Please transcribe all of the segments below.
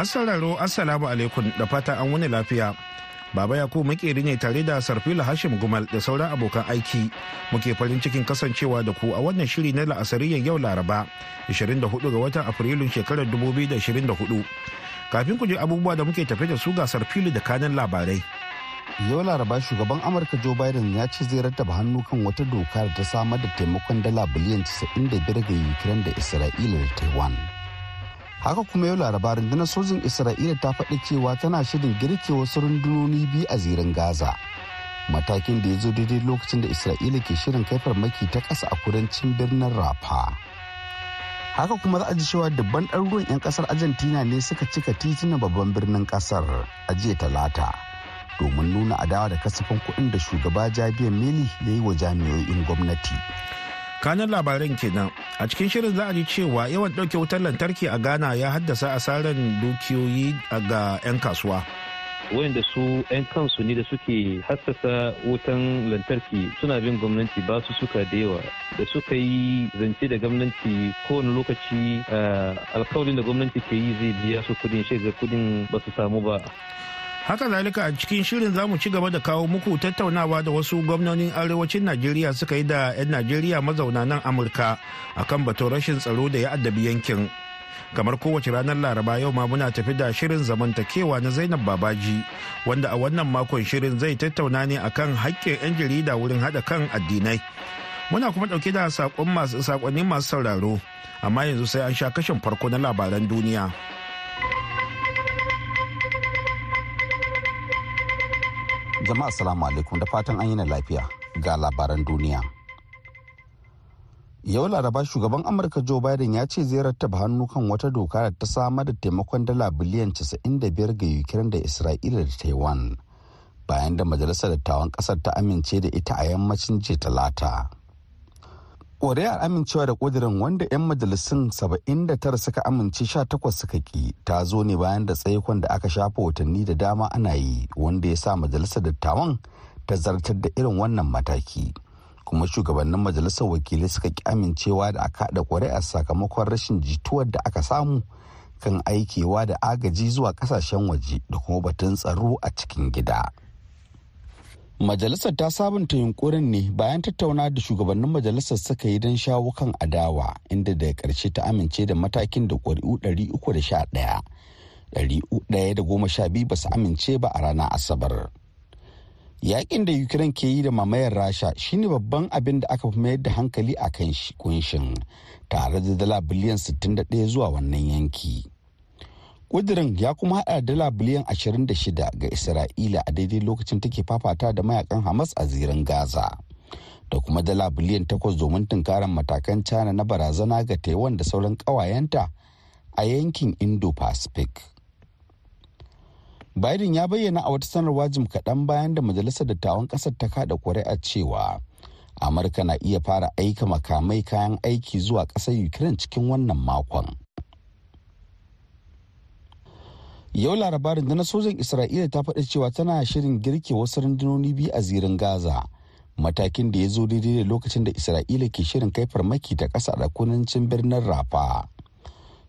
masu sauraro assalamu alaikum da fata an wani lafiya baba ya makeri ne tare da sarfila hashim gumal da sauran abokan aiki muke farin cikin kasancewa da ku a wannan shiri na la'asariyar yau laraba 24 ga watan afrilun shekarar 2024 kafin ku je abubuwa da muke tafe da su ga sarfili da kanin labarai yau laraba shugaban amurka joe biden ya ce zai rattaba hannu kan wata doka da ta samar da taimakon dala biliyan 95 ga ukraine da isra'ila da taiwan haka kuma yau laraba rundunar sojin isra'ila ta faɗi cewa tana shirin girke wasu rundunoni biyu a zirin gaza matakin da ya zo daidai lokacin da isra'ila ke shirin kai farmaki ta ƙasa a kudancin birnin rafa haka kuma za a ji cewa dubban ruwan 'yan ƙasar argentina ne suka cika titunan babban birnin ƙasar a jiya talata domin nuna adawa da kasafin kuɗin da shugaba jabiya meli ya yi wa jami'o'in gwamnati kanan labaran kenan a cikin shirin za a ji cewa yawan ɗauke wutar lantarki a ghana ya haddasa asarar dukiyoyi ga 'yan kasuwa wayanda su 'yan kansu ne da suke haskasa wutan lantarki suna bin gwamnati ba su suka da yawa da suka yi zance da gwamnati kowane lokaci eh, alkawarin da gwamnati ke yi zai biya su kudin shiga kudin ba su samu ba haka zalika a cikin shirin za mu ci gaba da kawo muku tattaunawa da wasu gwamnonin arewacin najeriya suka yi da 'yan najeriya mazauna nan amurka akan batun rashin tsaro da ya addabi yankin kamar kowace ranar laraba yau ma muna tafi da shirin zamantakewa na zainab babaji wanda a wannan makon shirin zai tattauna ne akan hakkin 'yan jarida wurin haɗa kan addinai muna kuma ɗauke da saƙonni masu sauraro amma yanzu sai an sha kashin farko na labaran duniya. Jama'a salamu alaikum da fatan an yi na lafiya ga labaran duniya. Yau laraba shugaban Amurka Joe Biden ya ce zai rattaba hannu kan wata doka da ta samar da taimakon dala biliyan 95 ga Ukraine da Isra'ila da Taiwan bayan da majalisar dattawan kasar ta amince da ita a yammacin jiya talata. ƙuri'ar amincewa da ƙudirin wanda 'yan majalisun 79 suka amince 18 suka ki ta zo ne bayan da tsaikon da aka shafa watanni da dama ana yi wanda ya sa majalisar dattawan ta zartar da irin wannan mataki kuma shugabannin majalisar wakilai suka ki amincewa da aka haɗa ƙuri'ar sakamakon rashin jituwar da aka samu kan aikewa da agaji zuwa ƙasashen waje da kuma batun tsaro a cikin gida. Majalisar ta sabunta yunkurin ne bayan tattauna da shugabannin majalisar suka yi don shawo kan adawa inda daga karshe ta amince da matakin da ƙuri'u 311 112 ba su amince ba a ranar asabar. yaƙin da Ukraine ke yi da mamayar Rasha shine babban abin da aka fi mayar da hankali a kan shi kunshin tare da dala biliyan 61 zuwa wannan yanki. ƙudirin ya kuma haɗa dala biliyan 26 ga isra'ila a daidai lokacin take fafata da mayakan hamas a zirin gaza da kuma dala biliyan 8 domin tunkarar matakan cana na barazana ga taiwan da sauran ƙawayenta a yankin indo-pacific biden ya bayyana a wata sanarwa jim kaɗan bayan da majalisar dattawan ƙasar ta kada kuri'a cewa amurka na iya fara aika makamai kayan aiki zuwa ƙasar ukraine cikin wannan makon yau laraba na sojan isra'ila ta faɗi cewa tana shirin girke wasu rundunoni biyu a zirin gaza matakin da ya zo daidai da lokacin da isra'ila ke shirin kai farmaki ta ƙasa da kudancin birnin rafa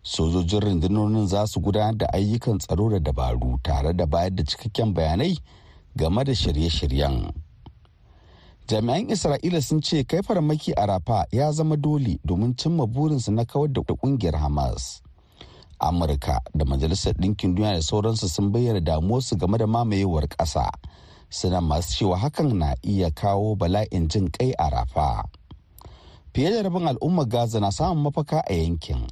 sojojin rundunonin za su gudanar da ayyukan tsaro da dabaru tare da bayar da cikakken bayanai game da shirye-shiryen jami'an isra'ila sun ce kai farmaki a rafa ya zama dole domin cimma burinsu na kawar da ƙungiyar hamas amurka da majalisar ɗinkin duniya da sauransu sun bayyana damuwarsu game da mamayewar ƙasa suna masu cewa hakan na iya kawo bala'in jin kai a rafa fiye da rabin al'ummar gaza na samun mafaka a yankin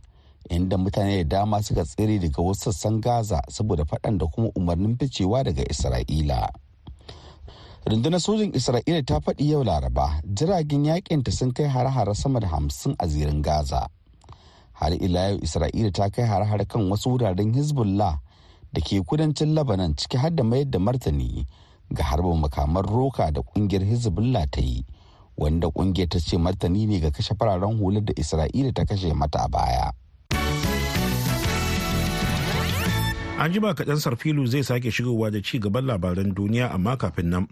inda mutane da dama suka tsere daga wasu sassan gaza saboda faɗan da kuma umarnin ficewa daga isra'ila rundunar sojin isra'ila ta faɗi yau laraba jiragen yakin sun kai hare-hare sama da hamsin a zirin gaza har ila yau isra'ila ta kai har-har kan wasu wuraren hezbollah da ke kudancin labanan ciki har da mayar da martani ga harbin makaman roka da kungiyar hezbollah ta yi wanda kungiyar ta ce martani ne ga kashe fararen hular da isra'ila ta kashe mata a baya an jima kaɗan sarfilu zai sake shigowa da ci gaban labaran duniya amma kafin nan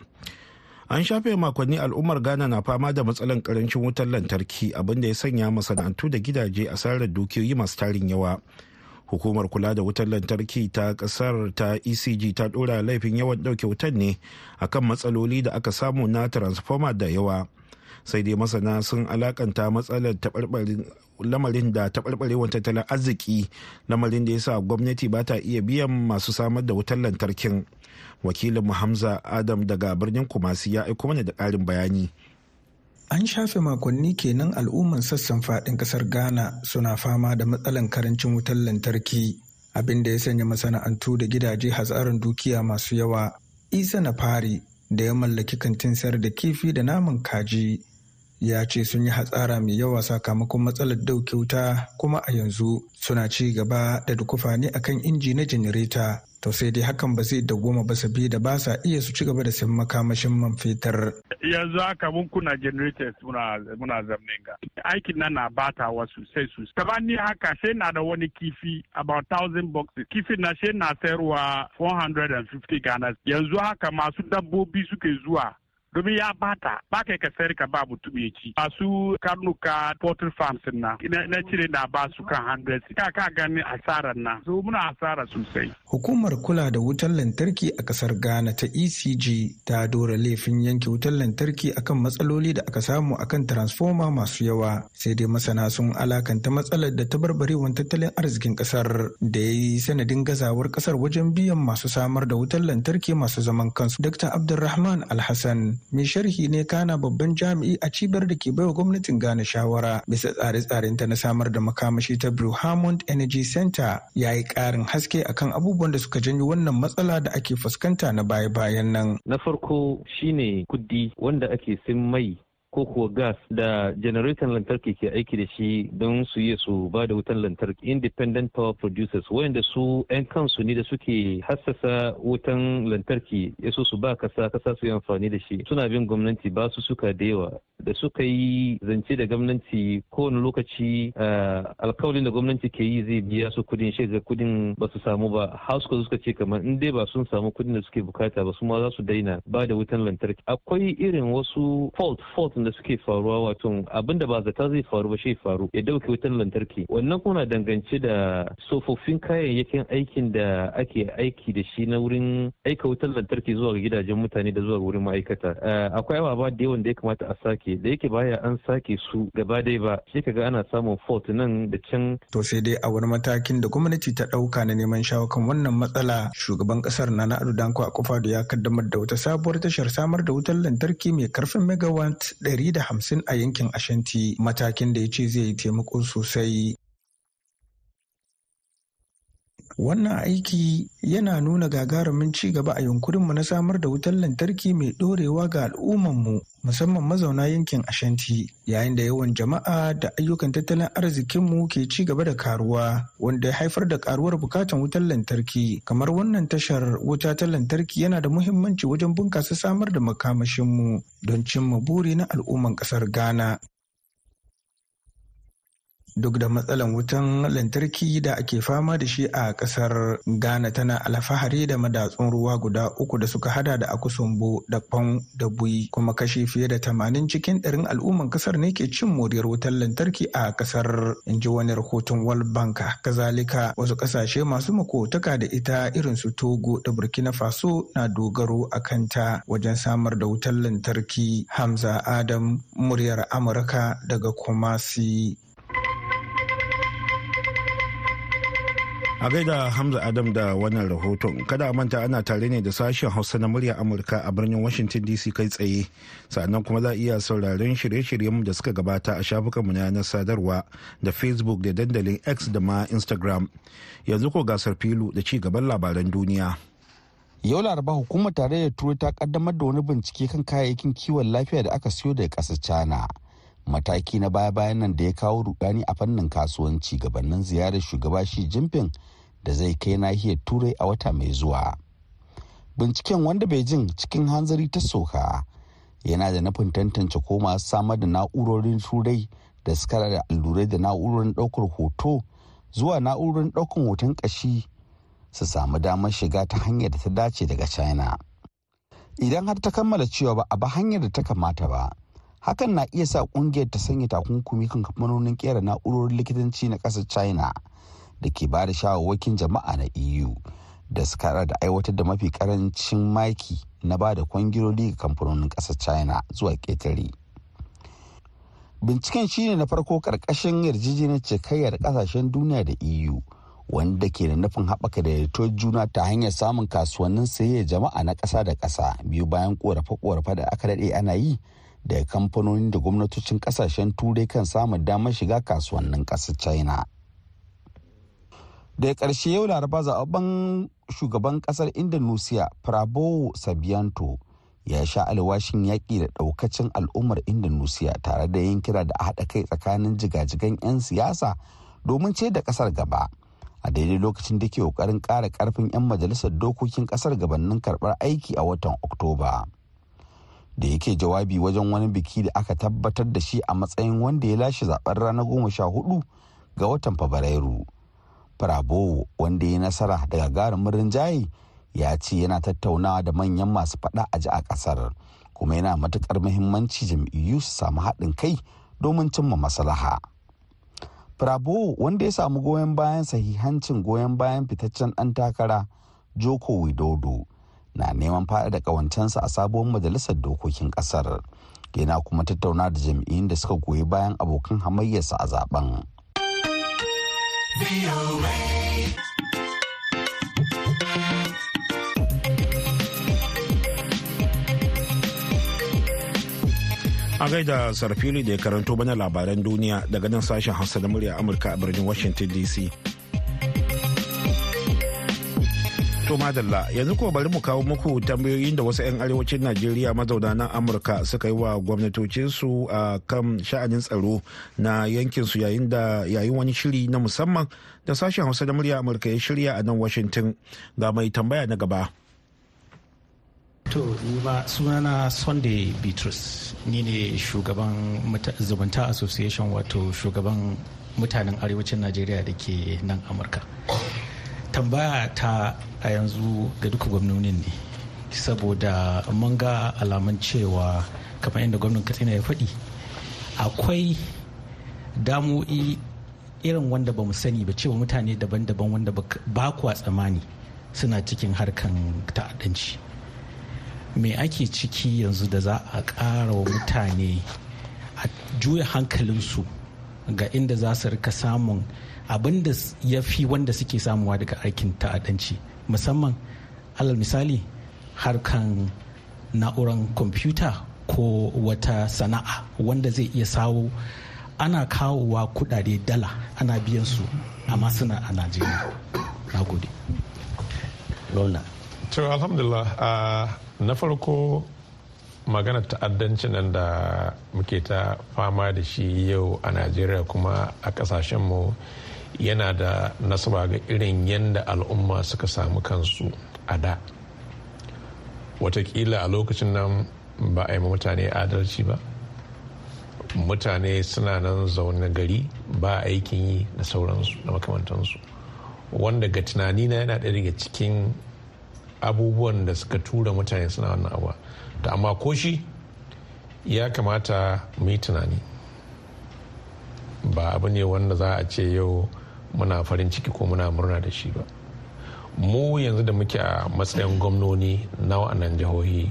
an shafe makonni al'ummar ghana na fama da matsalan karancin wutar lantarki abinda ya sanya masana'antu da gidaje asarar dukiyoyi masu tarin yawa hukumar kula da wutar lantarki ta kasar ta ecg ta dora laifin yawan dauke wutar ne akan matsaloli da aka samu na transformer da yawa sai dai masana sun alakanta matsalar lamarin da taɓarɓarewar tattalin arziki lamarin da ya sa gwamnati ba ta iya biyan masu samar da wutar lantarkin wakilin hamza adam daga birnin kumasi ya aiko mana da ƙarin bayani an shafe makonni kenan al'umman sassan faɗin ƙasar ghana suna fama da matsalan karancin wutar lantarki abin da ya sanya masana'antu da gidaje hatsarin dukiya masu yawa isa na fari da ya mallaki kantin sayar da kifi da naman kaji ya ce sun yi hatsara mai yawa sakamakon matsalar dauke wuta kuma a yanzu suna ci gaba da dukufa ne akan inji na janareta to sai dai hakan ba zai dagoma ba sabida ba sa iya su ci gaba da sayan makamashin man fetur. yanzu haka mun kuna generators muna muna zamne ga aikin nan na bata wa sosai sosai kamar ni haka sai na da wani kifi about thousand boxes kifin na sai na sayarwa 450 ganas yanzu haka masu dabbobi suke zuwa domin ya bata ba kai ka sayar ka ba mutum ya ci masu karnuka poultry farms na na cire na ba su kan 100 ka ka gani asarar na so muna asara sosai hukumar kula da wutar lantarki a kasar Ghana ta ECG ta dora laifin yanke wutar lantarki akan matsaloli da aka samu akan transforma masu yawa sai dai masana sun alakanta matsalar da ta tabarbarewar tattalin arzikin kasar da ya yi sanadin gazawar kasar wajen biyan masu samar da wutar lantarki masu zaman kansu Dr. Abdulrahman Alhassan mai sharhi ne kana babban jami'i a cibiyar da ke baiwa gwamnatin Ghana shawara bisa tsare-tsaren ta na samar da makamashi ta Blue Hammond Energy Center ya yi ƙarin haske akan abubuwan da suka janyo wannan matsala da ake fuskanta na baya-bayan nan. Na farko shine kuddi wanda ake sin mai ko gas da generator lantarki ke aiki da shi don su yi su ba da wutan lantarki independent power producers wayanda su 'yan kansu ne da suke hassasa wutan lantarki ya so su ba kasa kasa su yi amfani da shi suna bin gwamnati ba su suka da yawa da suka yi zance da gwamnati kowane lokaci alkawalin da gwamnati ke yi zai biya su kudin shiga kudin ba su samu ba hausa suka ce kamar in dai ba sun samu kudin da suke bukata ba su ma za su daina ba da wutan lantarki akwai irin wasu fault fault da suke faruwa wato abin da ba zata zai faru ba shi faru ya dauke wutar lantarki wannan kuma dangance da tsofaffin kayayyakin aikin da ake aiki da shi na wurin aika wutar lantarki zuwa ga gidajen mutane da zuwa wurin ma'aikata eh, akwai ababa da yawan da ya kamata a sake da yake baya an sake su gaba dai ba shi kaga ana samun fault nan da can to sai dai a wani matakin da gwamnati ta dauka na neman shawakan wannan matsala shugaban kasar nana ado danko da ya kaddamar da wata sabuwar tashar samar da wutar lantarki mai karfin megawatt da hamsin a yankin Ashanti matakin da ya ce zai yi taimako sosai Wannan aiki yana nuna gagarumin ci gaba a yunkurinmu na samar da wutar lantarki mai ɗorewa ga al'ummanmu musamman mazauna yankin Ashanti yayin da yawan jama'a da ayyukan tattalin arzikinmu ke ci gaba da karuwa wanda ya haifar da karuwar bukatan wutar lantarki kamar wannan tashar wuta ta lantarki yana da muhimmanci wajen bunkasa samar da makamashinmu don cimma buri na al'umman ƙasar Ghana. duk da matsalan wutan lantarki da ake fama da shi a kasar ghana tana alfahari da madatsun ruwa guda uku da suka hada da akusumbo da kwan da bui kuma kashi fiye da tamanin cikin ɗarin al'umman kasar ne ke cin moriyar wutan lantarki a kasar in ji wani rahoton world bank kazalika wasu kasashe masu makotaka da ita irin su togo da burkina faso na dogaro a kanta wajen samar da wutan lantarki hamza adam muryar amurka daga kumasi A gaida Hamza Adam da wannan rahoton kada a manta ana tare ne da sashen Hausa na murya Amurka a birnin Washington DC kai tsaye sannan kuma za a iya sauraron shirye-shiryen da suka gabata a shafukan mu na yanar sadarwa da Facebook da dandalin X da ma Instagram. Yanzu ko gasar filu da ci gaban labaran duniya. Yau Laraba hukumar tarayyar Turai ta kaddamar da wani bincike kan kayayyakin kiwon lafiya da aka siyo daga ƙasar China. mataki na baya-bayan nan da ya kawo rudani a fannin kasuwanci gabanin ziyarar shugaba shi jinping da zai kai nahiyar turai a wata mai zuwa binciken wanda beijing cikin hanzari ta soka yana da nufin tantance ko masu samar da na'urorin turai da suka da allurai da na'urorin daukar hoto zuwa na'urorin ɗaukar hoton kashi su samu damar shiga ta hanyar da ta dace daga china idan har ta kammala cewa ba a ba hanyar da ta kamata ba hakan na iya sa kungiyar ta sanya takunkumi kan kamfanonin kera na'urorin likitanci na ƙasar china da ke ba da shawarwakin jama'a na eu da su kara da aiwatar da mafi karancin maki na ba da kwangiloli ga kamfanonin ƙasar china zuwa ƙetare binciken shine na farko karkashin yarjejeniyar cikayyar kasashen duniya da eu wanda ke da nufin haɓaka da daidaito juna ta hanyar samun kasuwannin sayayya jama'a na ƙasa da ƙasa biyu bayan ƙorafe-ƙorafe da aka daɗe ana yi daya kamfanoni da gwamnatocin kasashen turai kan samun damar shiga kasuwannin ƙasar china da ƙarshe yau laraba zaɓen shugaban ƙasar indonesia prabowo sabianto ya sha alwashin yaƙi da ɗaukacin al'ummar indonesia tare da yin kira da haɗa kai tsakanin jigajigan 'yan siyasa domin ce da ƙasar gaba a daidai lokacin da ke ƙoƙarin ƙara ƙarfin 'yan majalisar dokokin ƙasar gabanin karɓar aiki a watan oktoba da yake jawabi wajen wani biki da aka tabbatar da shi a matsayin wanda ya lashe zaben ranar goma sha hudu ga watan fabrairu prabowo wanda ya nasara daga garin rinjaye ya ce yana tattaunawa da manyan masu fada a ji a kasar kuma yana matukar muhimmanci jam'iyyu su samu haɗin kai domin cimma maslaha. Prabowo wanda ya samu goyon bayan sahihancin goyon bayan fitaccen ɗan takara Joko Widodo na neman fada da kawancensa a sabuwar majalisar dokokin kasar yana kuma tattauna da jam'iyyun da suka goyi bayan abokan hamayyarsa a zaben a gaida sarfili da ya karanto bana labaran duniya daga nan sashen hausa da murya amurka a birnin washington dc To madalla yanzu kuma bari mu kawo muku tambayoyin da wasu 'yan arewacin Najeriya mazauna na Amurka suka yi wa gwamnatocinsu a kan sha'anin tsaro na yankinsu yayin da yayin wani shiri na musamman da sashen Hausa da murya Amurka ya shirya a nan Washington ga mai tambaya na gaba. To sunana Sunday Bitrus ni ne shugaban zumunta association wato shugaban mutanen arewacin Najeriya da ke nan Amurka. tambaya ta a yanzu ga duka gwamnonin ne saboda mun ga alamun cewa kamar yadda gwamnan katsina ya faɗi akwai damo'i irin wanda ba mu sani ba cewa mutane daban-daban wanda ba kuwa tsamani suna cikin harkan ta'addanci me ake ciki yanzu da za a ƙara wa mutane a juya hankalinsu ga inda za su rika samun abin da ya fi wanda suke samuwa daga aikin ta'addanci musamman alal misali harkan na'uran kwamfuta ko wata sana'a wanda zai iya sawo ana kawowa kudade dala ana biyan su amma suna a najeriya na gode to alhamdulillah ah, na farko maganar ta'addanci nan da muke ta fama da shi yau a najeriya kuma a mu yana da nasaba ga irin yadda al'umma suka samu kansu a da watakila a lokacin nan ba a yi mutane adalci ba mutane suna nan zaune gari ba aikin yi da sauransu da makamantansu wanda ga tunani na yana ɗaya daga cikin abubuwan da suka tura mutane suna wannan abuwa ta amma ko shi ya kamata mu yi tunani ba abu ne wanda za a ce yau muna farin ciki ko muna murna da shi ba mu yanzu da muke a matsayin gwamnoni na anan jihohi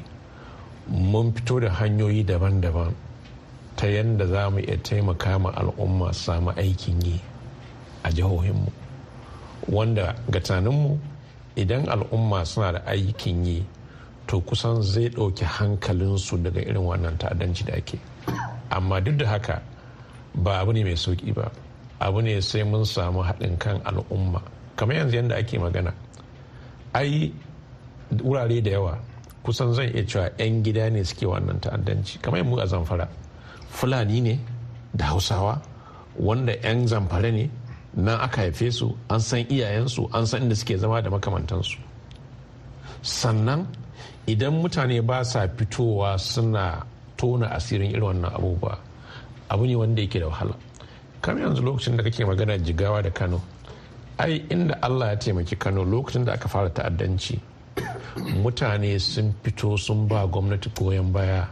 mun fito da hanyoyi daban-daban ta yadda za mu iya taimaka ma al'umma samu aikin yi a jihohinmu wanda ga tunaninmu idan al'umma suna da aikin yi to kusan zai ɗauki hankalinsu daga irin wannan ta'addanci da ake amma duk da haka ba abu ne mai sauki ba abu ne sai mun samu haɗin kan al'umma kamar yanzu yadda ake magana ai wurare da yawa kusan zan iya cewa 'yan gida ne suke wannan ta'addanci kamar mu a zamfara fulani ne da hausawa wanda 'yan zamfara ne nan aka haife su an san iyayensu an san inda suke zama da makamantansu sannan idan mutane ba sa fitowa suna tona asirin irin wannan abubuwa abu ne wanda yake da wahala kamar yanzu lokacin da kake magana jigawa da kano ai inda allah ya taimaki kano lokacin da aka fara ta'addanci mutane sun fito sun ba gwamnati goyon baya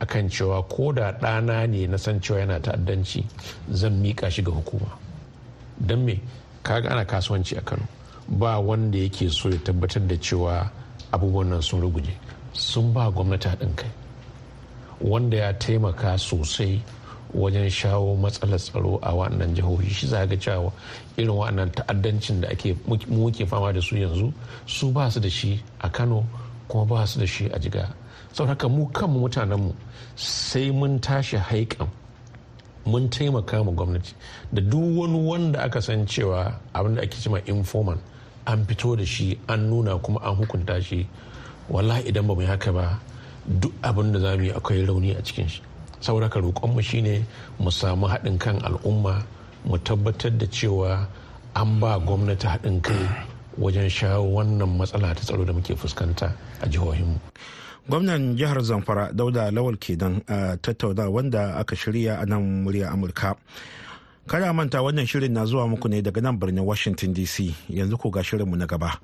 akan cewa ko da ɗana ne na san cewa yana ta'addanci zan miƙa shi ga hukuma don me kaga ana kasuwanci a kano ba wanda yake so ya tabbatar da cewa abubuwan nan sun ruguje sun ba gwamnati haɗin kai wanda ya taimaka sosai wajen shawo matsalar tsaro a wannan jihohi shi za ga cewa irin wannan ta'addancin da ake muke fama da su yanzu su ba su da shi a kano kuma ba su da shi a jiga sau haka mu kanmu mutanenmu sai mun tashi haikan mun taimaka ma gwamnati da duk wani wanda aka san cewa abin da ake cima informal an fito da shi an nuna kuma an hukunta shi wallahi idan ba mu haka ba duk abin da za yi akwai rauni a cikin shi saboda ka roƙonmu shine mu samu haɗin kan al'umma mu tabbatar da cewa an ba gwamnati haɗin kai wajen shawo wannan matsala ta tsaro da muke fuskanta a jihohinmu. gwamnan jihar zamfara dauda lawal kenan a tattauna wanda aka shirya a nan murya amurka kada manta wannan shirin na zuwa muku ne daga nan birnin washington dc yanzu ko ga shirinmu na gaba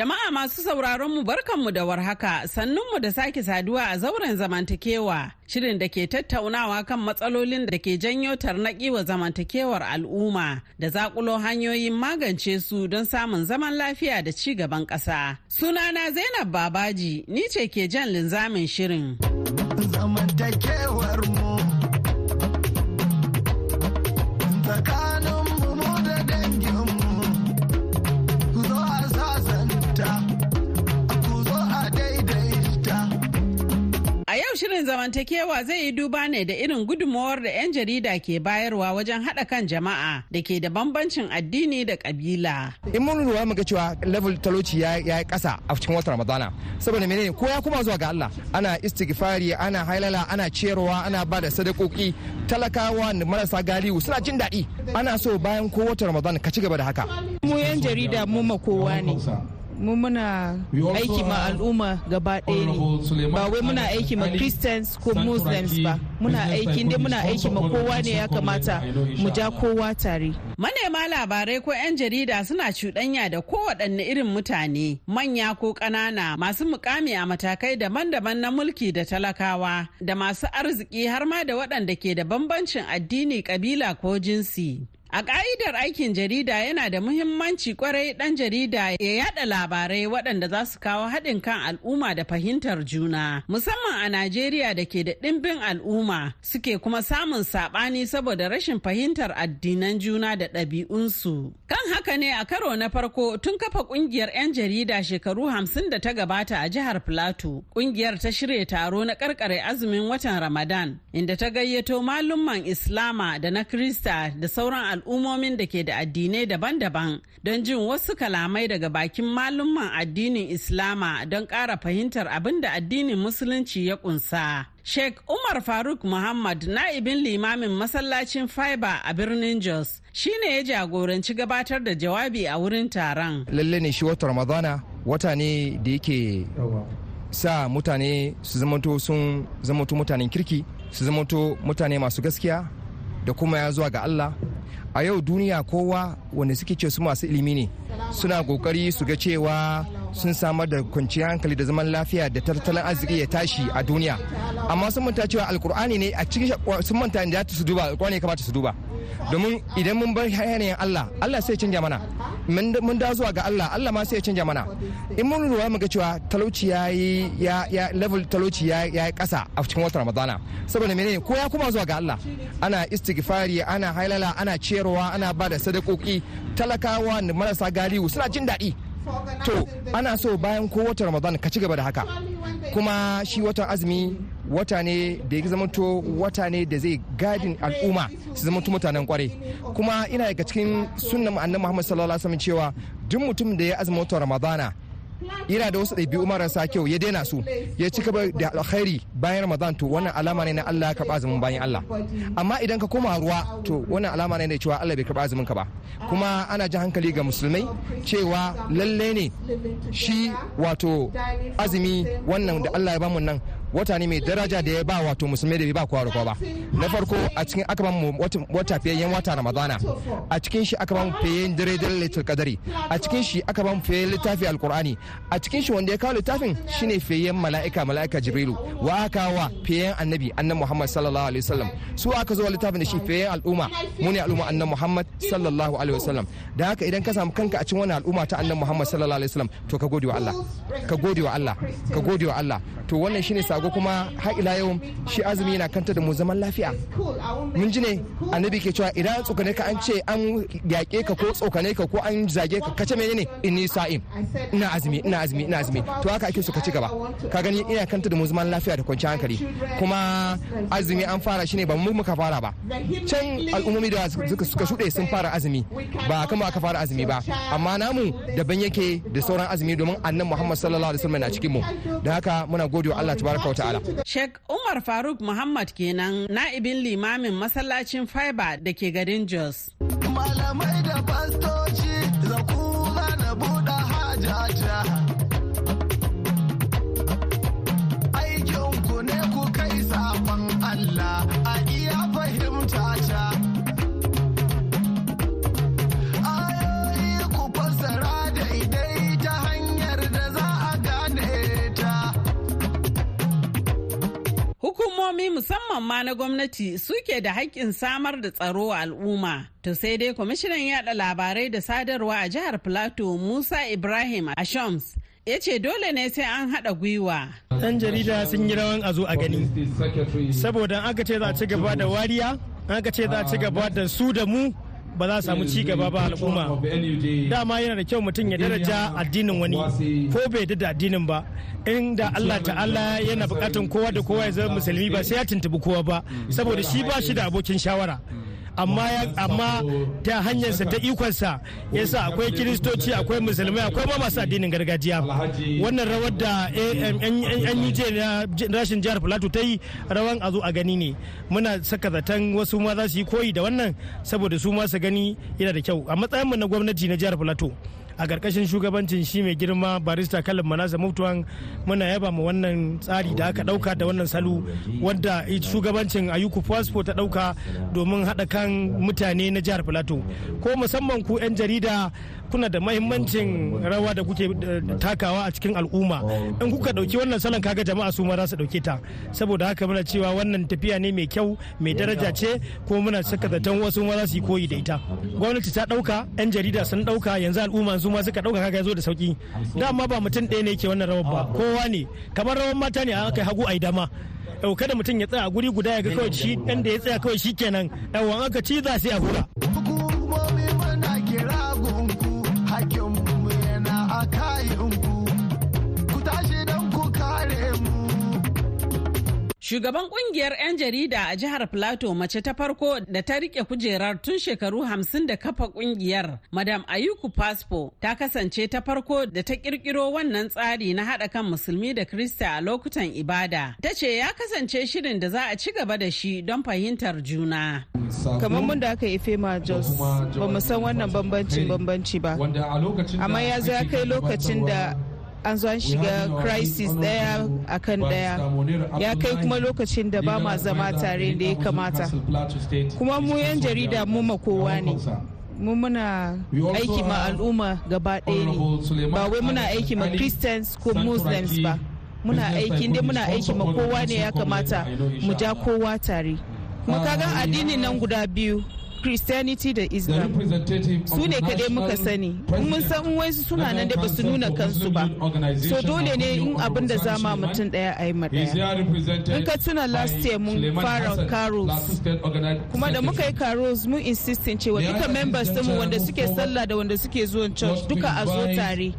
Jama'a masu sauraron mu barkanmu da warhaka sannun mu da sake saduwa a zauren zamantakewa shirin da ke tattaunawa kan matsalolin da ke janyo tarnaƙi wa zamantakewar al'umma da zakulo hanyoyin magance su don samun zaman lafiya da ci gaban ƙasa. Sunana Zainab Babaji ni ce ke jan linzamin shirin. Zamantakewar mu. Shirin zamantakewa zai yi duba ne da irin gudunmawar da 'yan jarida ke bayarwa wajen haɗa kan jama'a da ke da bambancin addini da ƙabila. In mun lura muka cewa level talauci ya yi ƙasa a cikin watan Ramadana. Saboda menene ko ya kuma zuwa ga Allah ana istighfari ana hailala ana ciyarwa ana ba da sadakoki talakawa da marasa galihu suna jin daɗi ana so bayan ko watan Ramadana ka ci gaba da haka. Mu 'yan jarida mu makowa ne. mu muna aiki ma al'umma gaba ɗaya ne ba wai muna aiki ma christians ko muslims ba muna aiki ne muna aiki ma kowa ne ya kamata mu ja kowa tare manema labarai ko 'yan jarida suna cuɗanya da kowaɗanne irin mutane manya ko ƙanana masu mukami a matakai daban-daban na mulki da talakawa da masu arziki har ma da waɗanda ke da bambancin addini ƙabila ko jinsi A ka'idar aikin jarida yana da muhimmanci kwarai ɗan jarida ya yada labarai waɗanda za su kawo haɗin kan al'umma da fahimtar juna. Musamman a Najeriya da ke da ɗimbin al'umma suke kuma samun saɓani saboda rashin fahimtar addinan juna da ɗabi'unsu. Kan haka ne a karo na farko tun kafa ƙungiyar 'yan jarida shekaru hamsin da ta gabata a jihar Plateau. Ƙungiyar ta shirya taro na ƙarƙare azumin watan Ramadan inda ta gayyato malumman Islama da na Krista da sauran al'ummomin da ke da addinai daban-daban don jin wasu kalamai daga bakin malumman addinin Islama don ƙara fahimtar abin da addinin Musulunci ya kunsa Sheikh Umar Faruk Muhammad na'ibin limamin masallacin Fiber a birnin Jos shi ne ya jagoranci gabatar da jawabi a wurin taron. Lalle ne shi wata Ramadana wata ne da yake sa mutane su zamanto sun zamanto mutanen kirki su zamanto mutane masu gaskiya da kuma ya zuwa ga Allah a yau duniya kowa wanda suke ce su masu ilimi ne suna kokari su ga cewa sun samar da kwanciyar hankali da zaman lafiya da tattalin arziki ya tashi a duniya amma sun manta cewa alkur'ani ne a cikin sun manta da su duba alkur'ani ya kamata su duba domin idan mun bar yanayin Allah Allah sai canja mana mun da zuwa ga Allah Allah ma sai canja mana in mun ruwa mu cewa talauci ya yi ya level talauci ya yi kasa a cikin watan Ramadana saboda menene ko ya kuma zuwa ga Allah ana istighfari ana halala ana ciyarwa ana ba da sadakoki talakawa da marasa galihu suna jin daɗi to ana so bayan ko watan Ramadana ka ci gaba da haka kuma shi watan azumi wata ne da ya zamanto wata ne da zai gadin al'umma su zamanto mutanen kwarai kuma ina daga cikin sunnan annabi Muhammad sallallahu alaihi wasallam cewa duk mutum da ya azumi wata Ramadana yana da wasu ɗabi'u marasa kyau ya daina su ya ci gaba da alkhairi bayan ramadan to wannan alama ne na Allah ya karɓa azumin bayan Allah amma idan ka koma ruwa to wannan alama ne na cewa Allah bai karɓa azumin ka ba kuma ana ji hankali ga musulmai cewa lalle ne shi wato azumi wannan da Allah ya bamu nan wata ne mai daraja da ya ba wato musulmai da bai ba kowa da ba na farko a cikin aka ban mu wata fiyayyen wata ramadana a cikin shi aka ban fiyayyen dare dare laitul kadari a cikin shi aka ban fiye littafi Alkur'ani a cikin shi wanda ya kawo littafin shine fiye mala'ika mala'ika jibrilu wa aka wa fiye annabi annan muhammad sallallahu alaihi wasallam su aka zo littafin da shi fiye al'umma mu ne al'umma annan muhammad sallallahu alaihi wasallam da haka idan ka samu kanka a cikin wannan al'umma ta annan muhammad sallallahu alaihi wasallam to ka gode wa Allah ka gode wa Allah ka gode wa Allah to wannan shine rago kuma har ila yau shi azumi yana kanta da mu zaman lafiya mun ji ne annabi ke cewa idan tsokane ka an ce an yaƙe ka ko tsokane ka ko an zage ka kace menene inni sa'im ina azumi ina azumi ina azumi to haka ake so ka ci gaba ka gani ina kanta da mu zaman lafiya da kwanciyar hankali kuma azumi an fara shi ne ba mu muka fara ba can al'ummomi da suka shuɗe sun fara azumi ba kama aka fara azumi ba amma namu daban yake da sauran azumi domin annan muhammad sallallahu alaihi wasallam na cikin mu da haka muna gode wa Allah tabaraka wa ta'ala Sheikh Umar Faruk Muhammad kenan na'ibin limamin masallacin Fiber da ke garin Jos Malamai da pastor amma na gwamnati suke da haƙƙin samar da tsaro a al'umma. To sai dai kwamishinan yada labarai da sadarwa a jihar plato Musa Ibrahim Ashams ya ce dole ne sai an haɗa gwiwa. Ɗan jarida sun yi rawan a zo a gani. Saboda aka ce za a ci gaba da wariya, aka ce za a ci gaba da su da mu ba za a samu ci gaba ba al'umma dama yana da kyau mutum ya daraja addinin wani ko bai da addinin ba inda Allah ta'ala yana bukatan kowa da kowa ya zama musulmi ba sai ya tuntubi kowa ba saboda shi ba shi da abokin shawara amma ta hanyarsa ta ikonsa ya sa akwai kiristoci akwai musulmai akwai ma masu addinin gargajiya wannan rawar da nuj na rashin jihar filato ta yi rawan a zo a gani ne muna saka zaton wasu ma za su yi koyi da wannan saboda su ma su gani yana da kyau a matsayinmu na gwamnati na jihar filato. a ƙarƙashin shugabancin shi mai girma barista kalin manasa mutuwan muna yaba ma wannan tsari da aka ɗauka da wannan salu wadda shugabancin ayuku fasfo ta ɗauka domin haɗa kan mutane na jihar plateau ko musamman ku 'yan jarida kuna da mahimmancin rawa da kuke eh, takawa a cikin al'umma in kuka dauki wannan salon kaga jama'a su ma za su dauke ta saboda haka muna cewa wannan tafiya ne mai kyau mai daraja ce ko muna saka zaton wasu ma za su yi koyi da ita gwamnati ta dauka yan jarida sun dauka yanzu al'umma su ma suka dauka kaga yazo da sauki dama ba mutum ɗaya ne yake wannan rawar ba kowa ne kamar rawar mata ne aka hagu a dama yau kada mutum ya tsaya a guri guda ya ga kawai shi dan da ya tsaya kawai shi kenan yawan aka ciza sai a hura hukumomi Shugaban kungiyar 'yan jarida a jihar Plateau mace ta farko da ta rike kujerar tun shekaru hamsin da kafa kungiyar Madam Ayuku Paspo ta kasance ta farko da ta kirkiro wannan tsari na haɗa kan musulmi da Krista a lokutan ibada. Ta ce ya kasance shirin da za a ci gaba da shi don fahimtar juna. Kamar mun da aka yi Fema Jos ba mu san wannan bambanci bambanci ba. Amma ya zo ya kai lokacin da an zo an shiga crisis daya akan daya ya kai kuma lokacin da ba ma zama tare da ya kamata kuma mu 'yan jarida mu makowa ne mu muna aiki ma al'umma gaba ɗaya ne ba wai muna aiki ma christians ko muslims ba muna aiki inda muna aiki ma kowa ne ya kamata mu ja kowa tare kuma kaga ah, addini nan guda biyu christianity da islam su ne kaɗai muka sani mun san wasu suna nan da ba su nuna kansu ba so dole ne in abin da zama mutum ɗaya a yi ɗaya in ka tuna last year mun fara carols kuma da muka yi carols mun insistin cewa duka members mu wanda suke sallah da wanda suke zuwan church duka a zo tare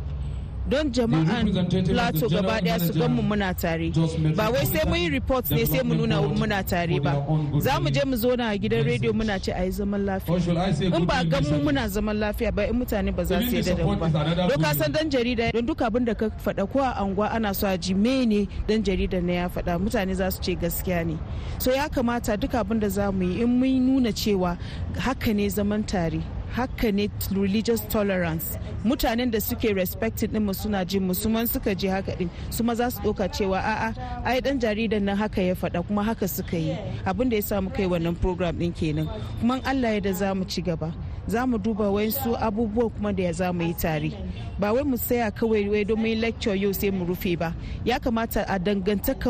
don jama'an plateau gaba daya su gan muna tare ba wai sai mun yi report ne sai mu nuna muna tare ba za mu je mu zauna na gidan rediyo muna ce a yi zaman lafiya oh, in ba gan mu muna zaman lafiya ba in mutane ba za su yi da mu ba doka san dan jarida don duk abin da ka faɗa ko a anguwa ana so a ji me ne dan jarida na ya faɗa mutane za su ce gaskiya ne so ya kamata duk abin da za mu yi in mun nuna cewa haka ne zaman tare haka ne religious tolerance mutanen da suke respected din suna jin musulman suka ji haka din su ma za su doka cewa a'a ai dan jaridan nan haka ya faɗa kuma haka suka yi abin da ya samu kai wannan program din kenan kuma Allah ya da za mu ci gaba za mu duba su abubuwa kuma da ya za mu yi tare ba wai mu saya kawai wai domin lecture yau sai mu rufe ba ya kamata a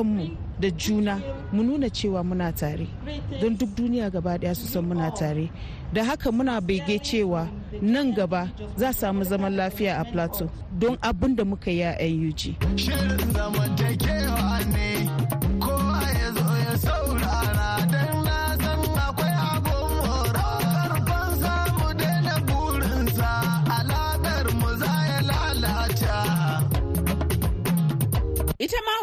mu da juna mu nuna cewa muna tare don duk duniya gaba daya su san muna tare da haka muna bege cewa nan gaba za samu zaman lafiya a plateau don abin da muka yi a nug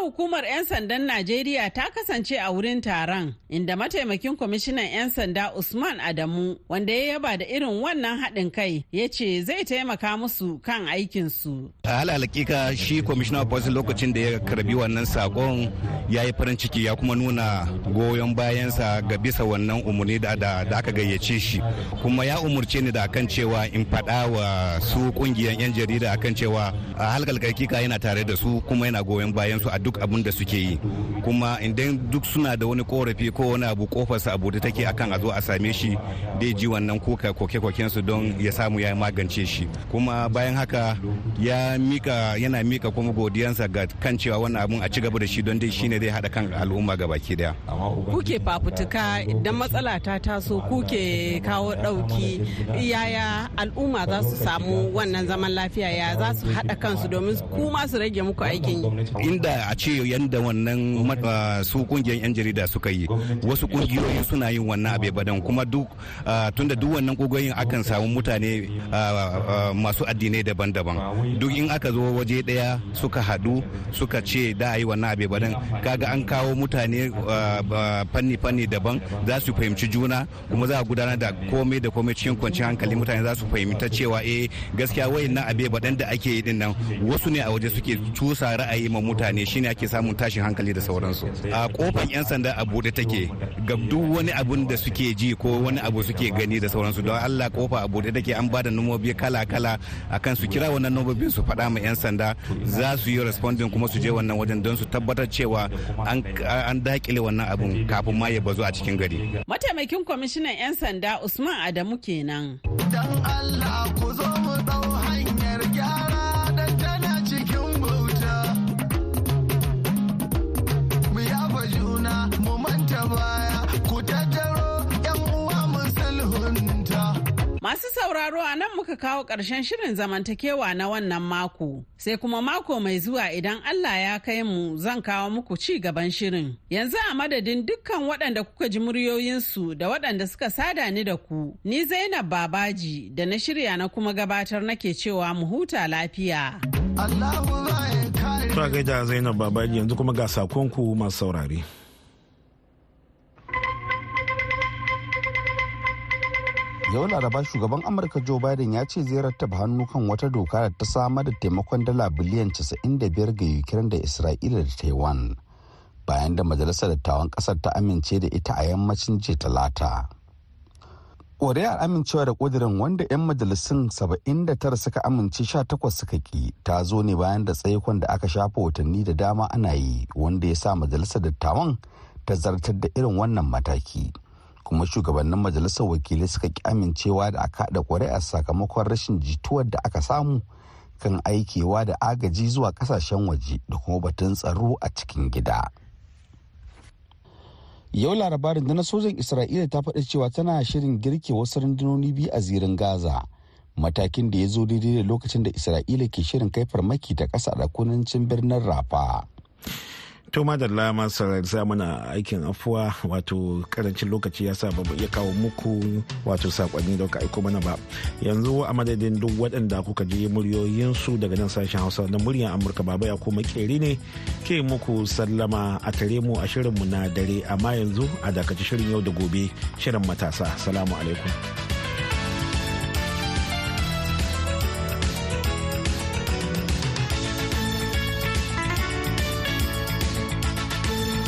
hukumar 'yan sandan Najeriya ta kasance a wurin taron, inda mataimakin kwamishinan 'yan sanda Usman Adamu, wanda ya yaba da irin wannan haɗin kai, ya ce zai taimaka musu kan aikinsu. A halalakika shi kwamishinan Bozin lokacin da ya karbi wannan sakon ya yi farin ciki ya kuma nuna goyon bayansa ga bisa wannan umarni da, aka gayyace shi. Kuma ya umurce ni da akan cewa in faɗa wa su ƙungiyar 'yan jarida akan cewa a halalakika yana tare da su kuma yana goyon bayansu a duk abin da suke yi kuma idan duk suna da wani korafi ko wani abu kofarsa abu da take akan a zo a same shi dai ji wannan kuka koke su don ya samu ya magance shi kuma bayan haka ya mika yana mika kuma godiyansa ga kan cewa wannan abun a ci gaba da shi don dai shine zai haɗa kan al'umma ga baki daya kuke fafutuka idan matsala ta taso kuke kawo ɗauki yaya al'umma za su samu wannan zaman lafiya ya za su haɗa kansu domin kuma su rage muku aikin inda a ce yadda wannan ah, su kungiyar 'yan jarida suka yi wasu kungiyoyi suna yin wannan abe badan kuma duk ah, tunda duk wannan kogoyin akan samu mutane ah, masu addinai daban-daban duk in aka zo waje daya suka hadu suka ce da a yi wannan abe badan kaga an kawo mutane fanni-fanni daban za su fahimci juna kuma za a gudanar da komai da komai cikin kwanciyar hankali mutane za su ta cewa eh gaskiya wayannan abe badan da ake yi din nan wasu ne a waje suke cusa ra'ayi ma mutane shine ne ake samun tashin hankali da sauransu a kofar yan sanda a bude take ga duk wani abun da suke ji ko wani abu suke gani da sauransu don Allah kofa a bude take an bada numobi kala kala akan su kira wannan numobin su faɗa ma yan sanda za su yi responding kuma su je wannan wajen don su tabbatar cewa an dakile wannan abun kafin ma ya bazu a cikin gari mataimakin kwamishinan yan sanda Usman Adamu kenan dan Allah Masu sauraro a nan muka kawo ƙarshen shirin zamantakewa na wannan mako. Sai kuma mako mai zuwa idan Allah ya kai mu zan kawo muku ci gaban shirin. Yanzu a madadin dukkan waɗanda kuka ji muryoyinsu da waɗanda suka sada ni da ku. Ni Zainab Babaji da na shirya na kuma gabatar nake cewa mu huta lafiya. Allahumma Zainab Babaji yanzu kuma ga sakonku masu saurare. yau laraba shugaban amurka joe biden ya ce zai rattaba hannu kan wata doka da ta samar da taimakon dala biliyan 95 ga ukraine da isra'ila da taiwan bayan da majalisar dattawan kasar ta amince da ita a yammacin jiya talata ƙuri'ar amincewa da kudirin wanda 'yan majalisun 79 suka amince 18 suka ki ta zo ne bayan da tsaikon da aka shafa watanni da dama ana yi wanda ya sa majalisar dattawan ta zartar da irin wannan mataki. kuma shugabannin majalisar wakilai suka ki amincewa da aka da a sakamakon rashin jituwar da aka samu kan aikewa da agaji zuwa kasashen waje da kuma batun tsaro a cikin gida. Yau larabarin da na sojan Isra'ila ta faɗa cewa tana shirin girke wasu rundunoni biyu a zirin Gaza. Matakin da ya zo daidai da lokacin da Isra'ila ke shirin kai farmaki ta ƙasa da kudancin birnin Rafa. to madalla masu sa mana aikin afuwa wato karancin lokaci ya sa ba mu iya kawo muku wato sakonni da kuka aiko mana ba yanzu a madadin duk waɗanda kuka je muryoyinsu daga nan sashen hausa na muryar amurka baba ya kuma keri ne ke muku sallama a tare mu a shirinmu na dare amma yanzu a dakaci shirin yau da gobe shirin matasa salamu alaikum